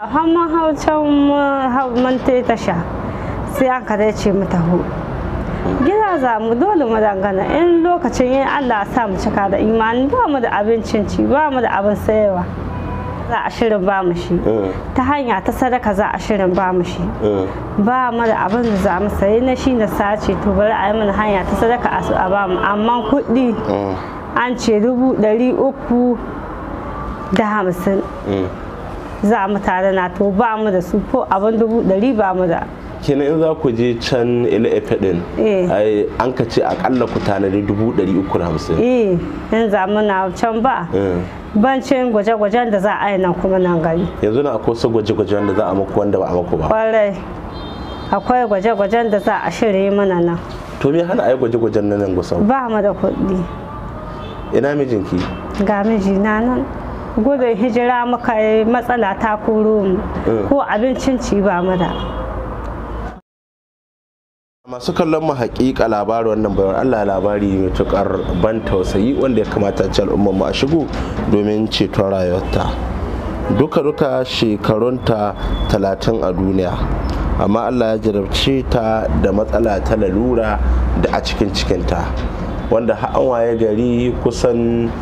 hamma hau can manta sha sai an kada ce mu taho gida za mu dole mu dangana in lokacin yin allah sa mu cika da imani ba mu da abincin ci ba mu da abin sayewa za a shirin ba mu shi eh. ta hanya ta sadaka za a shirin ba mu shi eh. ba mu da abin da za mu sayi na shi na sace to bari a yi mana hanya ta sadaka a ba mu amma kuɗi eh. an ce dubu ɗari uku da hamsin za mu tare na to ba mu da su ko abin dubu ɗari ba mu da kenan in za ku je can ilefe din eh. an ka ce akalla ku tanadi dubu ɗari uku da hamsin eh, in za mu na can ba eh. bancin gwaje-gwajen da za a yi nan kuma nan gari yanzu na akwai wasu gwaje-gwajen da za a muku wanda ba a muku ba kwarai akwai gwaje-gwajen da za a shirye mana nan to me hana a yi gwaje-gwajen nan gusau ba mu da kuɗi ina mijinki ga mijina nan gudun hijira muka yi matsala ta koro mu eh. ko abincin ci ba mu da masu kallon mu haƙiƙa labarin wannan bayan Allah labari mai tukar ban tausayi wanda ya kamata ci al'umma mu a shigo domin ceton rayuwarta duka duka shekarunta talatin a duniya amma Allah ya jarabce ta da matsala ta lalura da a cikin cikinta wanda ha'awa ya gari kusan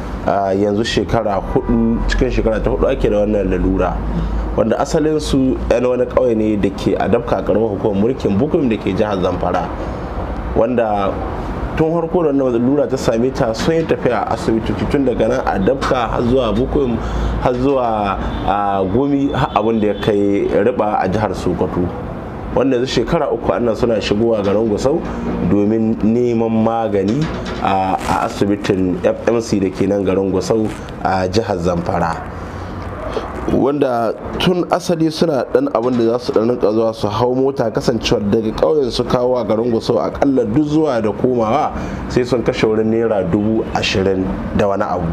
yanzu shekara hudu cikin shekara ta hudu ake da wannan lalura wanda asalin su yan wani kauye ne da ke a adabka karamar hukumar mulkin bukum da ke jihar zamfara wanda tun harko da wannan lura ta same ta sun yi tafiya a asibiti tun daga nan a dabka har zuwa bukum har zuwa gumi har abin da ya kai riba a jihar sokoto wanda yanzu shekara uku annan suna shigowa garin gusau domin neman magani a asibitin fmc da ke nan garin gusau a jihar zamfara wanda tun asali suna dan abin da za su dan rinka zuwa su hau mota kasancewa daga ƙauyen su kawo a garin gusau akalla duk zuwa da komawa sai sun kashe wurin naira dubu ashirin da wani abu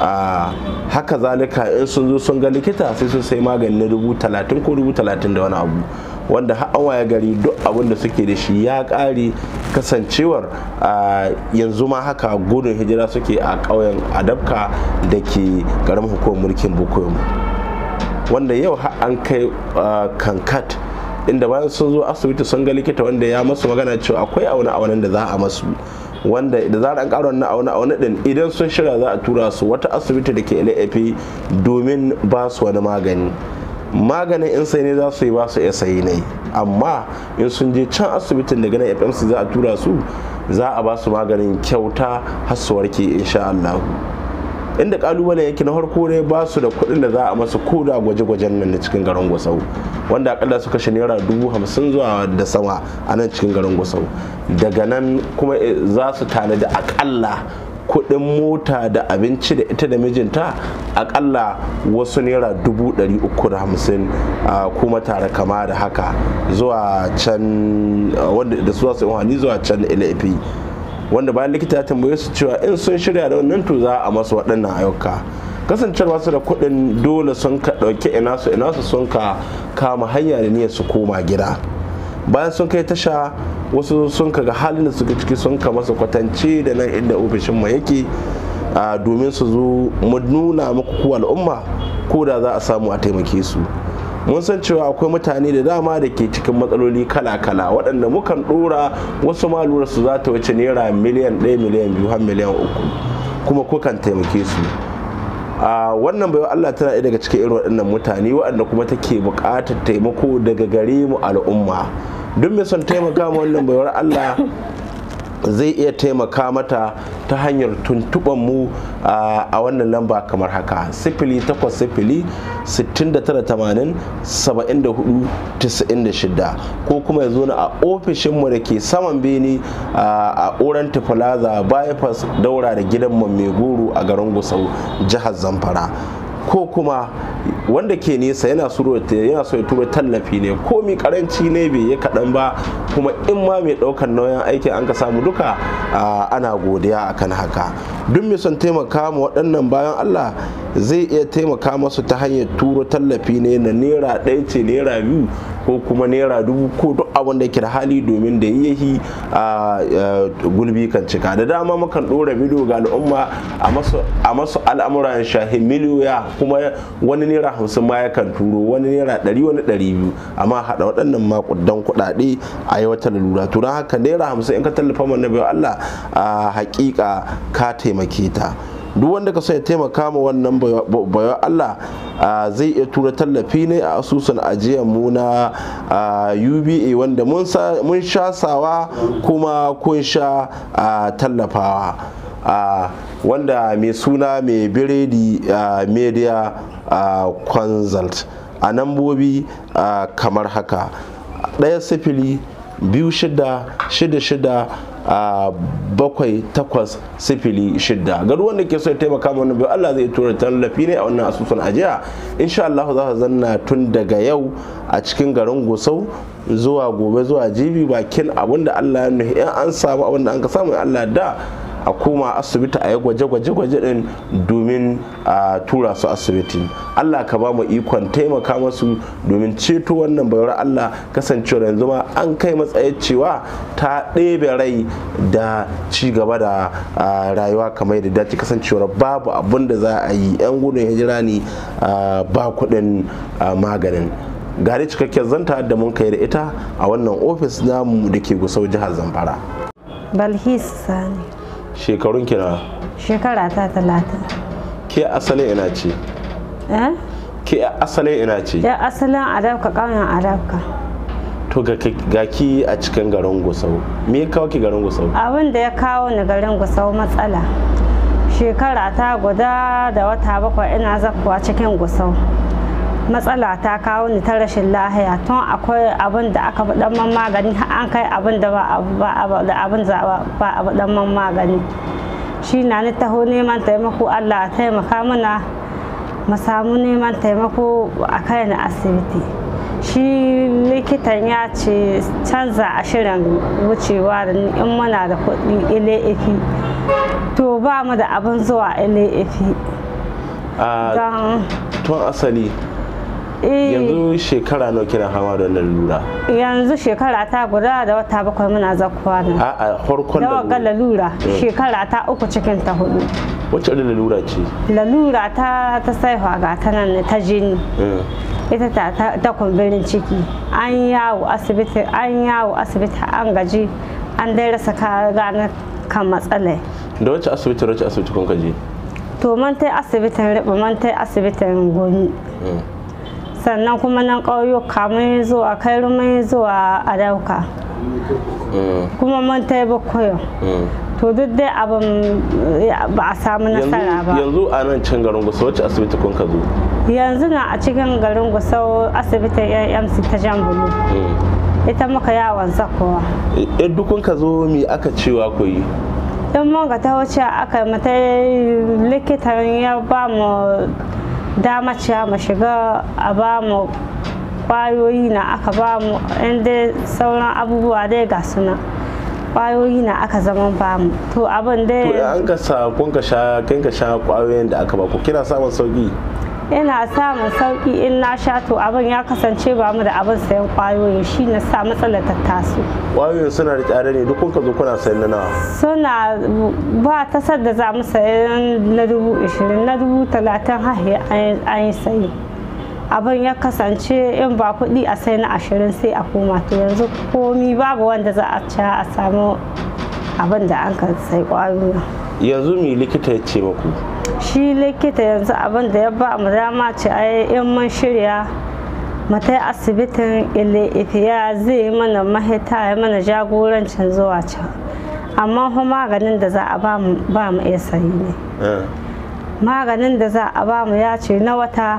a haka zalika in sun zo sun ga likita sai sun sai magani na dubu talatin ko dubu talatin da wani abu wanda an ya gari duk abin da suke da shi ya ƙare kasancewar yanzu ma haka gudun hijira suke a ƙauyen adabka da ke ƙaramin hukumar mulkin bukoyin wanda yau an kai kankat inda bayan sun zo asibiti sun ga likita wanda ya masu magana cewa akwai auna aunan da za a masu wanda da a ɗan ƙara wannan auna auna ɗin idan sun shiga za a tura su wata asibiti da ke lafi domin ba su wani magani maganin in sai ne za su yi ba su ya ne amma in sun je can asibitin daga nan fmc za a tura su za a ba su maganin kyauta hasuwar ke in insha Allah inda kalubalen yake na harko ne ba su da kuɗin da za a masu koda gwaje-gwajen nan na cikin garin gwasau wanda akalla su kashe naira dubu hamsin zuwa da sama a nan cikin garin gwasau daga nan kuma eh, za su tanadi akalla kuɗin mota da abinci da ita da mijinta akalla wasu naira dubu ɗari uku da hamsin kuma tare kama da haka zuwa can wanda da su hali zuwa can lafi wanda bayan likita ya tambaye su cewa in sun shirya da wannan to za a masu waɗannan ayyuka kasancewa su da kuɗin dole sun ka ɗauki ina su ina su sun ka kama hanya da niyyar su koma gida bayan sun kai tasha wasu sun kaga halin da suka ciki sun ka masa kwatance da nan inda ofishin mu yake domin su zo mu nuna muku ku al'umma ko da za a samu a taimake su mun san cewa akwai mutane da dama da ke cikin matsaloli kala-kala waɗanda mukan ɗora wasu ma lura su za ta wuce naira miliyan ɗaya miliyan biyu miliyan uku kuma kukan taimake su a wannan baiwa Allah tana daga cikin irin waɗannan mutane waɗanda kuma take buƙatar taimako daga gare mu al'umma duk mai son taimaka ma wannan baiwar Allah zai iya taimaka mata ta hanyar tuntuɓar mu a wannan lamba kamar haka sifili takwas sifili sittin da tara tamanin saba'in da hudu tisa'in da shida ko kuma ya zo na a ofishinmu da ke saman bene a oranta plaza bypass daura da gidan mai goro a garin gusau jihar zamfara ko kuma wanda ke nesa yana so ya tura tallafi ne ko mi karanci ne bai yi kaɗan ba kuma in ma mai ɗaukar nauyin aikin an ka samu duka ana godiya akan haka duk mai son taimaka ma waɗannan bayan allah zai iya taimaka masu ta hanyar turo tallafi ne na naira ɗaya ce naira biyu ko kuma naira dubu ko duk abin da ke da hali domin da yahi a gulbi kan cika da dama mukan ɗora bido ga al'umma a masu al'amuran shahin miliyoya kuma wani naira hamsin ma kan turo wani naira ɗari wani ɗari biyu amma haɗa waɗannan makudan kuɗaɗe a yi wata lura to don haka naira hamsin in ka tallafa mana bai Allah a haƙiƙa ka taimake ta duk wanda ka so ya taimaka ma wannan bayan Allah zai iya tura tallafi ne a asusun ajiyar mu na UBA wanda mun sha sawa kuma kun sha tallafawa a wanda mai suna mai biredi media consult a nambobi kamar haka ɗaya sifili biyu shida shida shida a bakwai takwas sifili shida ga wanda ke so ya taimaka mana bai Allah zai tura tallafi ne a wannan asusun ajiya insha Allah za ka zanna tun daga yau a cikin garin Gusau zuwa gobe zuwa jibi bakin abinda Allah ya nuhi in an samu abinda an ka samu Allah da a koma asibiti a yi gwaje-gwaje gwaje din domin a tura su asibiti allah ka ba mu ikon taimaka masu domin ceto wannan bayar allah kasancewar yanzu ma an kai matsayi cewa ta ɗebe rai da ci gaba da rayuwa kamar da dace kasancewar babu abin da za a yi 'yan gudun hijira ne ba kuɗin maganin gari cikakken zanta da mun kai da ita a wannan ofis namu da ke gusau jihar zamfara balhis sani shekarun kina shekara ta talatin ke asalin ina ce eh ke asalin ina ce ya asalin adabka ƙauyen adabka to ga ki a cikin garin gusau me ya kawo ki garin gusau abin da ya kawo ni garin gusau matsala shekara ta guda da wata bakwai ina zakkuwa cikin gusau matsala ta kawo ni ta rashin lahiya tun akwai abin da aka dan man magani an kai abin da ba abin ba dan man magani shi na ni taho neman taimako Allah a taimaka mana mu samu neman taimako a kai na asibiti shi likitan ya ce canza a shirin wucewa da ni in muna da kuɗi ile ifi to ba mu da abin zuwa ile ifi tun asali Eh. yanzu shekara nawa kina hawa da wannan lura yanzu shekara ta guda da wata bakwai muna ne a a'a horkon da ga lalura eh. shekara ta uku cikin ta hudu wacce da lalura ce lalura ta ta saifa ga ta nan ta jini eh. ita ta ta kumbirin ciki an yawo asibiti an yawo asibiti an gaji an dai rasa ka gane kan matsalai da wacce asibiti wacce asibiti kun gaji to man tai asibitin riba man tai asibitin gomi sannan kuma nan ƙauyuka mun zuwa a kairu mun zuwa a adauka mm. kuma mun ta yi bakwai mm. to duk dai abin eh, ba a samu nasara ba yanzu a nan can garin gusa wacce asibiti kun ka zo yanzu na a cikin garin gusa asibitin amc ta jan bulu. Mm. ita muka yawon zakowa in eh, eh, dukun ka zo mi aka cewa ku yi in mun ga ta wuce aka mata likitan ya ba mu dama ce mu shiga a ba mu kwayoyi na aka ba mu inda sauran abubuwa dai ga suna kwayoyi na aka zama ba mu to abin dai to an ka sa kun kwayoyin da aka ba ku kina samun sauki ina samun sauki in na sha to abin ya kasance ba mu da abin sayan kwayoyi shi na sa matsalar ta taso kwayoyin suna da tsada ne duk kuka zo kuna sayan na suna ba ta da za mu sayan na dubu ishirin na dubu talatin har an yi sayi abin ya kasance in ba kuɗi a sai na ashirin sai a koma to yanzu komi babu wanda za a ci a samu abin da an kan sai kwayoyin yanzu mi likita ya ce maku shi likita yanzu abin da ya ba mu dama ce ai in mun shirya mu asibitin ile ifiya zai mana mahita ya mana jagorancin zuwa can amma kuma maganin da za a ba mu iya sayi ne eh. maganin da za a ba mu ya ce na wata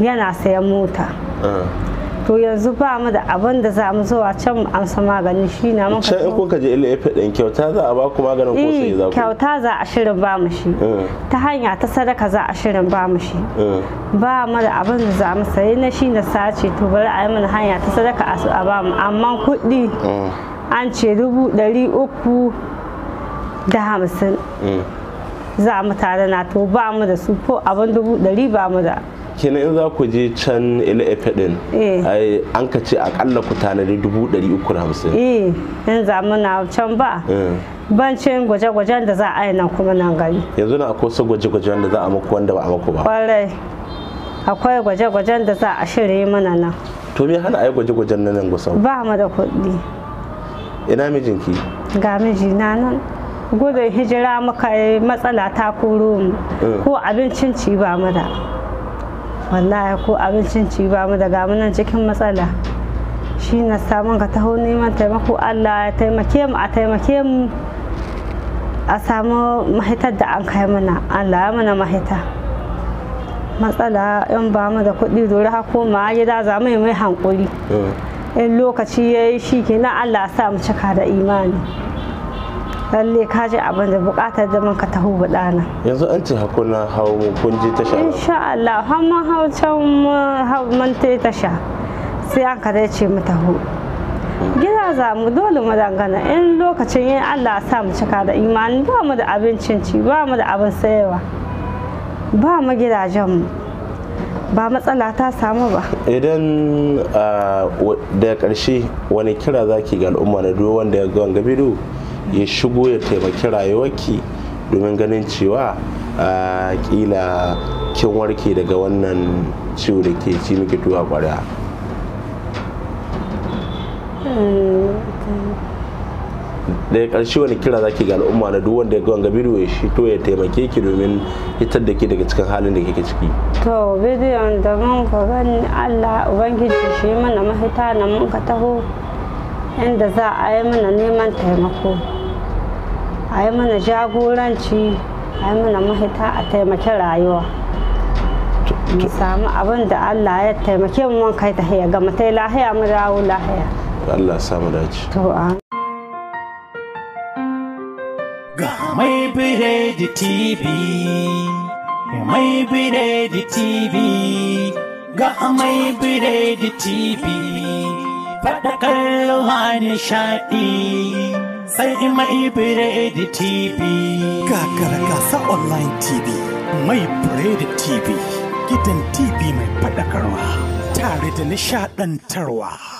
yana sayan mota eh. to yanzu ba mu da abin da za mu zo a can mu amsa magani shi na muka can in ka je LAF din kyauta za a ba ku maganin ko sai za ku eh, kyauta za a shirin ba mu shi eh. ta hanya ta sadaka za a shirin ba mu shi eh. ba mu da abin da za mu sayi na shi na sace to bari a yi mana hanya ta sadaka a ba mu amma kuɗi an ce dubu ɗari uku da hamsin za mu tare na to ba mu da su ko abin dubu ɗari ba mu da kenan in za ku je can ilefe din eh. an ka ce akalla ku tanadi dubu ɗari uku da hamsin eh in za can ba eh. Ban ce gwaje-gwajen da za a yi nan kuma nan gari yanzu na akwai wasu gwaje-gwajen da za a muku wanda ba a muku ba kwarai akwai gwaje-gwajen da za a shirye mana nan to me hana ayi gwaje-gwajen nan nan gusau ba mu da kuɗi ina mijinki ga mijina nan gudun hijira muka yi matsala ta koro mu eh. ko abincin ci ba mu da wallahi ko abincin ci ba mu daga munan cikin matsala shi na samun ka taho neman taimako allah ya taimake mu a taimake mu a samu mahitar da an kai mana allah ya mana mahita matsala in ba mu da kuɗi dole hako ma gida za mu yi mai hankuli eh. in lokaci ya yi shi kenan allah ya sa mu cika da imani lalle ka ji abin da bukatar zaman ka taho dana yanzu an ce hakuna hau kun je tasha insha Allah har mun hau can mun tasha sai an ka ce mu taho gida za mu dole mu dangana in lokacin yin Allah sa mu cika da imani ba mu da abincin ci ba mu da abin sayarwa ba mu gidajen mu ba matsala ta samu ba idan ah, da ƙarshe wani kira zaki ga al'umma na duk wanda ya ga wanga ya shigo ya taimaki rayuwarki domin ganin cewa a kila kin warke daga wannan ciwo da ke ci miki tuwa kwarya daga ƙarshe wani kira zaki ga al'umma na duk wanda ya ga wanga ya ya shito ya taimake ki domin hitar da ke daga cikin halin da kike ciki to bidiyon da mun ka gani Allah ubangiji shi mana mahita na mun ka taho inda za a yi mana neman taimako a mana jagoranci a yi mana mahita a taimake rayuwa mu samu abin da allah ya taimake mu kai ta haya gama ta lahiya mu dawo lahiya allah samu dace to ga mai biredi tv mai biredi tv ga mai biredi tv faɗakar ruwa nishaɗi sai mai da TV. Kakara gasa online TV, mai biredi TV, gidan TV mai faɗakarwa, tare da nishaɗantarwa.